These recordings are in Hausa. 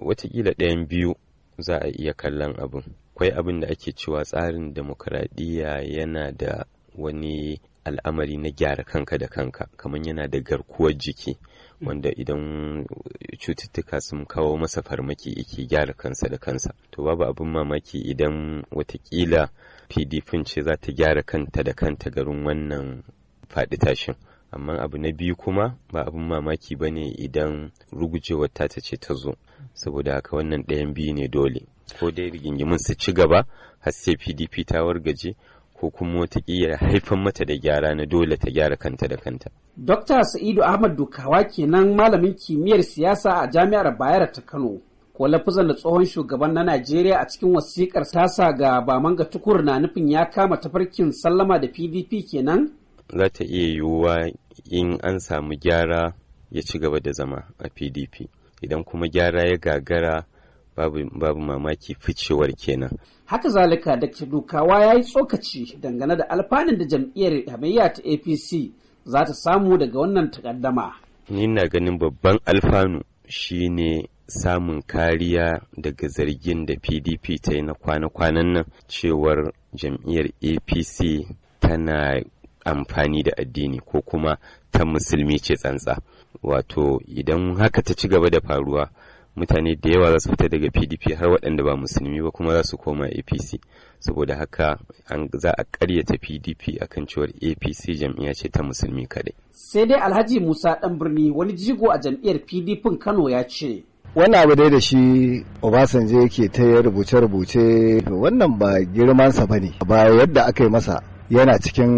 watakila ɗayan biyu za a iya kallon abin kwai abin da ake cewa tsarin demokuraɗiyya yana da wani al'amari na gyara kanka da kanka kamar yana da garkuwar jiki wanda idan cututtuka sun kawo masa farmaki yake gyara kansa da kansa to babu abin mamaki idan watakila pdp ce za ta gyara kanta da kanta garin wannan faɗi tashin amma abu na biyu kuma ba abin mamaki ba ne idan rugujewar ta ce ta zo saboda haka wannan ɗayan biyu ne dole ko dai rigingimin su ci gaba har sai pdp ta wargaje ko kuma watakila haifan mata da gyara na dole ta gyara kanta da kanta. Dr. Sa'idu Ahmad Dukawa kenan malamin kimiyyar siyasa a jami'ar Bayero ta Kano. Ko lafizan da tsohon shugaban na Najeriya a cikin wasikar tasa ga Bamanga Tukur na nufin ya kama tafarkin sallama da PDP kenan? za ta iya yiwuwa in an samu gyara ya ci gaba da zama a pdp idan kuma gyara ya gagara babu, mamaki ficewar kenan haka zalika da dukawa ya yi tsokaci dangane da alfanun da jam'iyyar hamayya ta apc za ta samu daga wannan takaddama ni na ganin babban alfanu shine samun kariya daga zargin da pdp ta yi na kwana-kwanan nan cewar jam'iyyar apc tana amfani da addini ko kuma ta musulmi ce tsantsa wato idan haka ta ci gaba da faruwa mutane da yawa za su fita daga pdp har waɗanda ba musulmi ba kuma za su koma apc saboda haka za a ƙaryata pdp a kan cewar apc jam'iyya ce ta musulmi kaɗai sai dai alhaji musa ɗan birni wani jigo a jam'iyyar pdp kano ya ce wani abu dai da shi obasanjo yake ta rubuce-rubuce wannan ba girmansa ba ne ba yadda aka yi masa yana cikin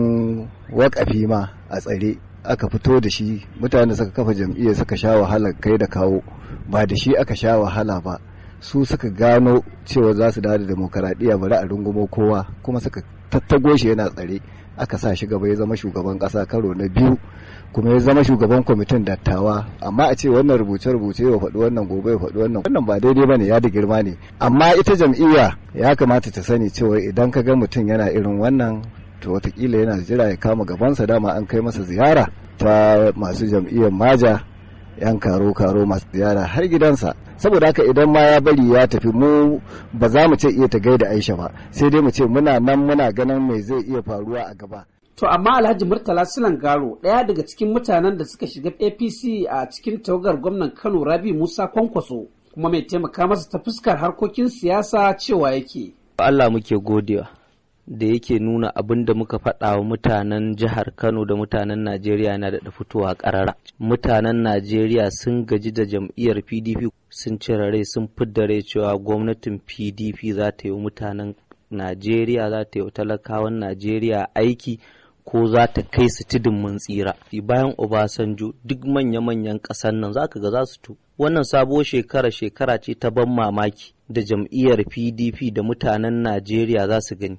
wakafi ma a tsare aka fito da shi mutane suka kafa jam'iyyar suka sha wahala kai da kawo ba da shi aka sha wahala ba su suka gano cewa za su dawo da demokaradiyya bari a rungumo kowa kuma suka tattago shi yana tsare aka sa shi gaba ya zama shugaban kasa karo na biyu kuma ya zama shugaban kwamitin dattawa amma a ce wannan rubuce-rubuce ya faɗi wannan gobe ya faɗi wannan wannan ba daidai bane ya da girma ne amma ita jam'iyya ya kamata ta sani cewa idan ka ga mutum yana irin wannan to watakila yana jira ya kama gabansa dama an kai masa ziyara ta masu jam'iyyar maja yan karo-karo masu ziyara har gidansa saboda haka idan ma ya bari ya tafi mu ba za mu ce iya ta gaida aisha ba sai dai mu ce muna nan muna ganin mai zai iya faruwa a gaba to amma alhaji murtala sunan garo ɗaya daga cikin mutanen da suka shiga apc a cikin tawagar gwamnan kano rabi musa kwankwaso kuma mai taimaka masa ta fuskar harkokin siyasa cewa yake allah muke godewa da yake nuna abin da muka faɗa wa mutanen jihar Kano da mutanen Najeriya na da fitowa ƙarara. Mutanen Najeriya sun gaji da jam'iyyar PDP sun cire rai sun fidda rai cewa gwamnatin PDP za ta yi mutanen Najeriya za ta yi talakawan Najeriya aiki ko za ta kai su tudun mun tsira. Bayan Obasanjo duk manya-manyan ƙasar nan za ka ga za su tu. Wannan sabuwar shekara shekara ce ta ban mamaki da jam'iyyar PDP da mutanen Najeriya za su gani.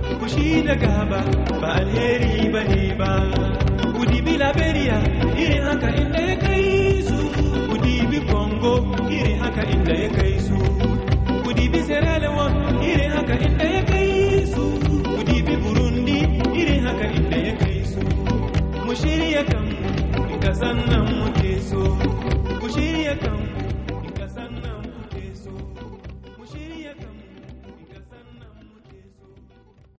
fushi da gaba ba alheri ba ne ba kudi bi laberiya iri haka inda ya kai su kudi bi congo iri haka inda ya kai su kudi bi sierra leone iri haka inda ya kai su kudi bi burundi iri haka inda ya kai su mu shirya kan kasan nan muke so ku shirya kan